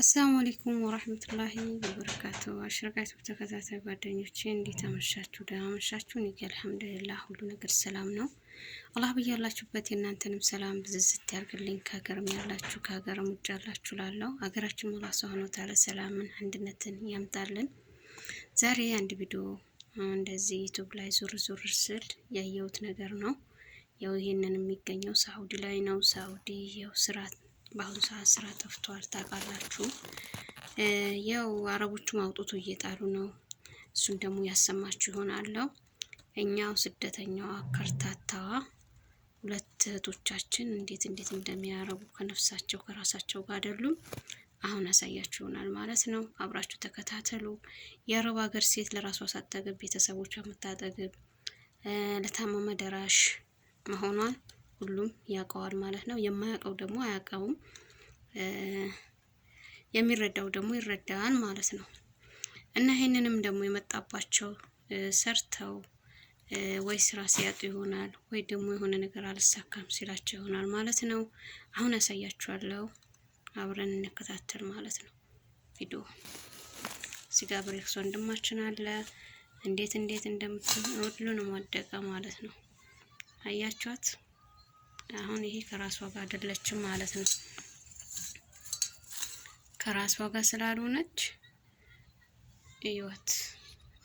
አሰላሙ አለይኩም ወራህመቱላሂ ወበረካቱ። አሽርጋቱ ተከታታይ ጓደኞቼ እንዴት አመሻችሁ? ደህና አመሻችሁ? እኔ አልሐምዱሊላህ ሁሉ ነገር ሰላም ነው። አላህ ብያላችሁበት የእናንተንም ሰላም ብዝዝት ያርግልኝ። ከሀገርም ያላችሁ ከሀገርም ውጭ ያላችሁ ላለው ሀገራችን አላህ ሱብሓነሁ ወተዓላ ሰላምን አንድነትን ያምጣልን። ዛሬ አንድ ቪዲዮ እንደዚህ ዩቲዩብ ላይ ዙር ዙር ስል ያየሁት ነገር ነው። ያው ይሄንን የሚገኘው ሳውዲ ላይ ነው። ሳውዲ ያው ስራት በአሁኑ ሰዓት ስራ ጠፍቷል ታውቃላችሁ። ያው አረቦቹም አውጥቶ እየጣሉ ነው። እሱን ደግሞ ያሰማችሁ ይሆናለሁ። እኛው ስደተኛዋ ከርታታዋ ሁለት እህቶቻችን እንዴት እንዴት እንደሚያረጉ ከነፍሳቸው ከራሳቸው ጋር አይደሉም። አሁን አሳያችሁ ይሆናል ማለት ነው። አብራችሁ ተከታተሉ። የአረብ ሀገር ሴት ለራሷ ሳጠገብ ቤተሰቦቿ የምታጠግብ ለታመመ ደራሽ መሆኗን ሁሉም ያውቀዋል ማለት ነው። የማያውቀው ደግሞ አያውቀውም፣ የሚረዳው ደግሞ ይረዳል ማለት ነው። እና ይህንንም ደግሞ የመጣባቸው ሰርተው ወይ ስራ ሲያጡ ይሆናል፣ ወይ ደግሞ የሆነ ነገር አልሳካም ሲላቸው ይሆናል ማለት ነው። አሁን ያሳያችኋለሁ፣ አብረን እንከታተል ማለት ነው ቪዲዮ ስጋ ብሬክስ ወንድማችን አለ እንዴት እንዴት እንደምትሆን ሁሉንም ወደቀ ማለት ነው። አያችኋት። አሁን ይሄ ከራሷ ጋር አይደለችም ማለት ነው። ከራሷ ጋር ስላልሆነች እዩት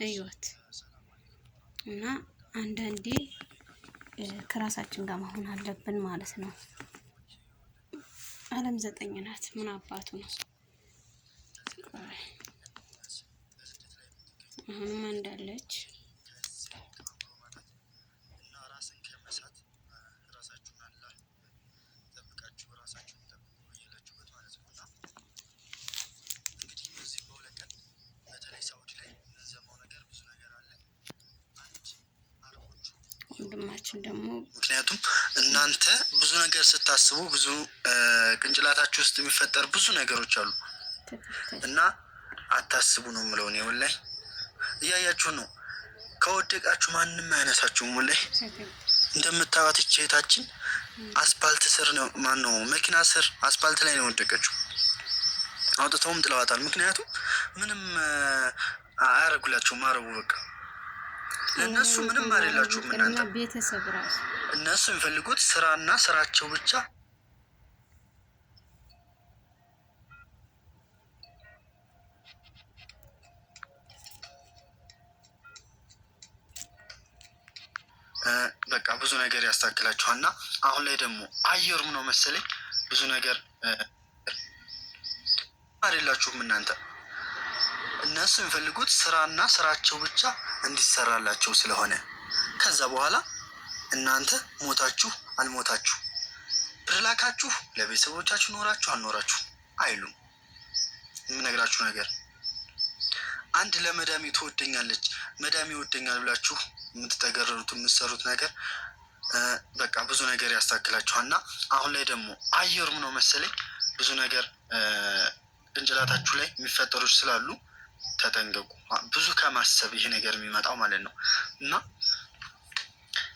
እዩት። እና አንዳንዴ ከራሳችን ጋር መሆን አለብን ማለት ነው። አለም ዘጠኝ ናት። ምን አባቱ ነው? አሁንማ እንዳለች ወንድማችን ደግሞ ምክንያቱም እናንተ ብዙ ነገር ስታስቡ ብዙ ቅንጭላታችሁ ውስጥ የሚፈጠር ብዙ ነገሮች አሉ እና አታስቡ ነው የምለው። እኔ ላይ እያያችሁ ነው። ከወደቃችሁ ማንም አያነሳችሁም። ላይ እንደምታዩት እህታችን አስፓልት ስር ነው ማን ነው መኪና ስር አስፓልት ላይ ነው ወደቀችው። አውጥተውም ጥለዋታል። ምክንያቱም ምንም አያረጉላችሁም። አረቡ በቃ ለእነሱ ምንም አይደላችሁም። እናንተ ቤተሰብ ራሱ እነሱ የሚፈልጉት ስራና ስራቸው ብቻ በቃ ብዙ ነገር ያስታክላችኋል። እና አሁን ላይ ደግሞ አየሩም ነው መሰለኝ ብዙ ነገር አይደላችሁም እናንተ እነሱ የሚፈልጉት ስራና ስራቸው ብቻ እንዲሰራላቸው ስለሆነ ከዛ በኋላ እናንተ ሞታችሁ አልሞታችሁ ብርላካችሁ ለቤተሰቦቻችሁ ኖራችሁ አልኖራችሁ አይሉም። የምነግራችሁ ነገር አንድ ለመዳሜ ትወደኛለች መዳሜ ይወደኛል ብላችሁ የምትተገረሩት የምትሰሩት ነገር በቃ ብዙ ነገር ያስታክላችኋል። እና አሁን ላይ ደግሞ አየሩም ነው መሰለኝ ብዙ ነገር ቅንጭላታችሁ ላይ የሚፈጠሩች ስላሉ ተጠንቀቁ። ብዙ ከማሰብ ይሄ ነገር የሚመጣው ማለት ነው እና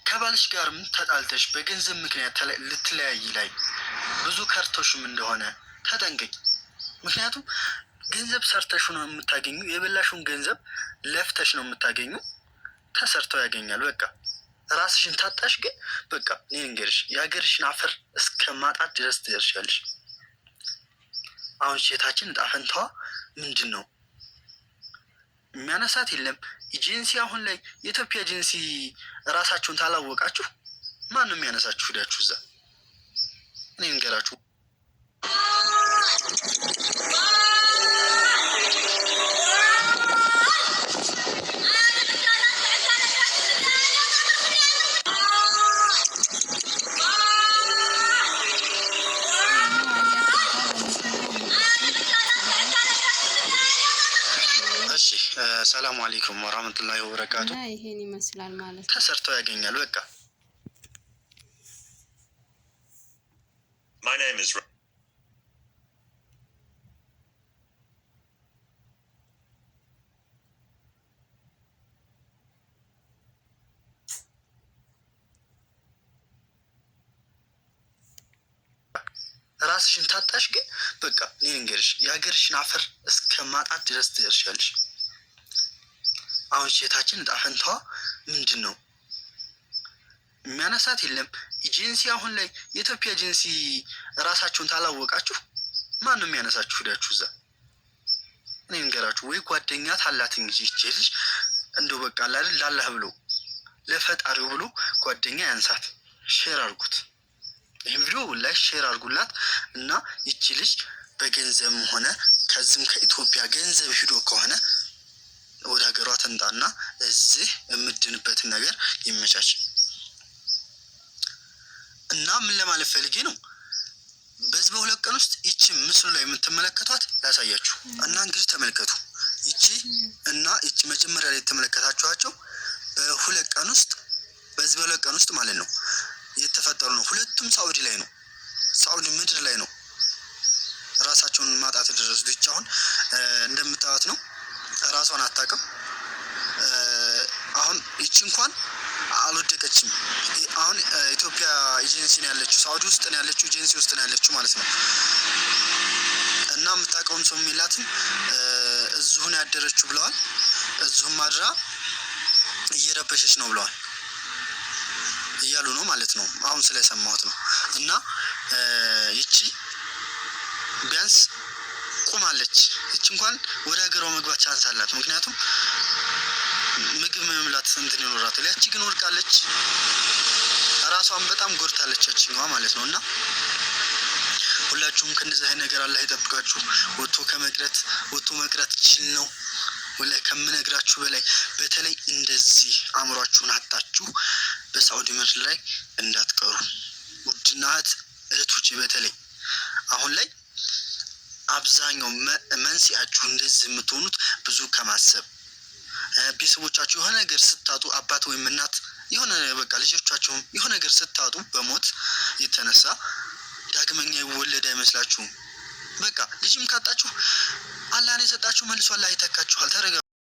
ከባልሽ ጋርም ተጣልተሽ በገንዘብ ምክንያት ልትለያይ ላይ ብዙ ከርቶሽም እንደሆነ ተጠንቀቂ። ምክንያቱም ገንዘብ ሰርተሽ ነው የምታገኙ። የበላሽውን ገንዘብ ለፍተሽ ነው የምታገኙ። ተሰርተው ያገኛል። በቃ ራስሽን ታጣሽ። ግን በቃ እኔ እንገርሽ የሀገርሽን አፈር እስከ ማጣት ድረስ ትደርሻለሽ። አሁን ሴታችን እጣ ፈንታዋ ምንድን ነው? የሚያነሳት የለም። ኤጀንሲ አሁን ላይ የኢትዮጵያ ኤጀንሲ ራሳችሁን ታላወቃችሁ ማን ነው የሚያነሳችሁ? ሂዳችሁ እዛ እኔ እንገራችሁ ሰላሙ አሌይኩም ወራህመቱላሂ ወበረካቱ። ይሄን ይመስላል ማለት ነው። ተሰርተው ያገኛል። በቃ ራስሽን ታጣሽ። ግን በቃ እኔ የሀገርሽን አፈር እስከ ማጣት ድረስ ትደርሻለሽ። አሁን ሴታችን ጣፈንታ ፈንታዋ ምንድን ነው? የሚያነሳት የለም። ኤጀንሲ አሁን ላይ የኢትዮጵያ ኤጀንሲ እራሳችሁን ታላወቃችሁ ማን ነው የሚያነሳችሁ? ሄዳችሁ እዛ እኔ ንገራችሁ ወይ ጓደኛ ታላት እንጂ ልጅ እንደ በቃ ላል ላላህ ብሎ ለፈጣሪው ብሎ ጓደኛ ያንሳት። ሼር አርጉት፣ ይህም ቪዲዮ ላይ ሼር አርጉላት እና ይቺ ልጅ በገንዘብም ሆነ ከዚህም ከኢትዮጵያ ገንዘብ ሂዶ ከሆነ ወደ ሀገሯ ትንጣና እዚህ የምድንበትን ነገር ይመቻች እና ምን ለማለት ፈልጌ ነው። በዚህ በሁለት ቀን ውስጥ ይቺ ምስሉ ላይ የምትመለከቷት ላሳያችሁ እና እንግዲህ ተመልከቱ። ይቺ እና ይቺ መጀመሪያ ላይ የተመለከታችኋቸው በሁለት ቀን ውስጥ በዚህ በሁለት ቀን ውስጥ ማለት ነው የተፈጠሩ ነው። ሁለቱም ሳኡዲ ላይ ነው፣ ሳኡዲ ምድር ላይ ነው ራሳቸውን ማጣት የደረሱ ብቻ አሁን እንደምታዩት ነው ራሷን አታውቅም። አሁን ይቺ እንኳን አልወደቀችም። አሁን ኢትዮጵያ ኤጀንሲ ነው ያለችው፣ ሳውዲ ውስጥ ነው ያለችው፣ ኤጀንሲ ውስጥ ነው ያለችው ማለት ነው። እና የምታውቀውም ሰው የሚላትም እዚሁን ያደረችው ብለዋል። እዚሁም ማድራ እየረበሸች ነው ብለዋል እያሉ ነው ማለት ነው። አሁን ስለሰማሁት ነው። እና ይቺ ቢያንስ ቆማለች። እች እንኳን ወደ ሀገሯ መግባት ቻንስ አላት። ምክንያቱም ምግብ መምላት እንትን ይኖራታል። ያቺ ግን ወድቃለች። ራሷን በጣም ጎድታለች ያችኛዋ ማለት ነው እና ሁላችሁም ከእንደዚህ አይነት ነገር አላህ ይጠብቃችሁ። ወጥቶ ከመቅረት ወጥቶ መቅረት ችል ነው ወላሂ ከምነግራችሁ በላይ። በተለይ እንደዚህ አእምሯችሁን አጣችሁ በሳዑዲ ምድር ላይ እንዳትቀሩ ውድናት እህቶቼ በተለይ አሁን ላይ አብዛኛው መንስኤያችሁ እንደዚህ የምትሆኑት ብዙ ከማሰብ ቤተሰቦቻችሁ የሆነ ነገር ስታጡ አባት ወይም እናት የሆነ በቃ ልጆቻችሁም የሆነ ነገር ስታጡ በሞት የተነሳ ዳግመኛ ይወለድ አይመስላችሁም። በቃ ልጅም ካጣችሁ አላህ ነው የሰጣችሁ መልሶ አላህ ይተካችኋል። ተረጋ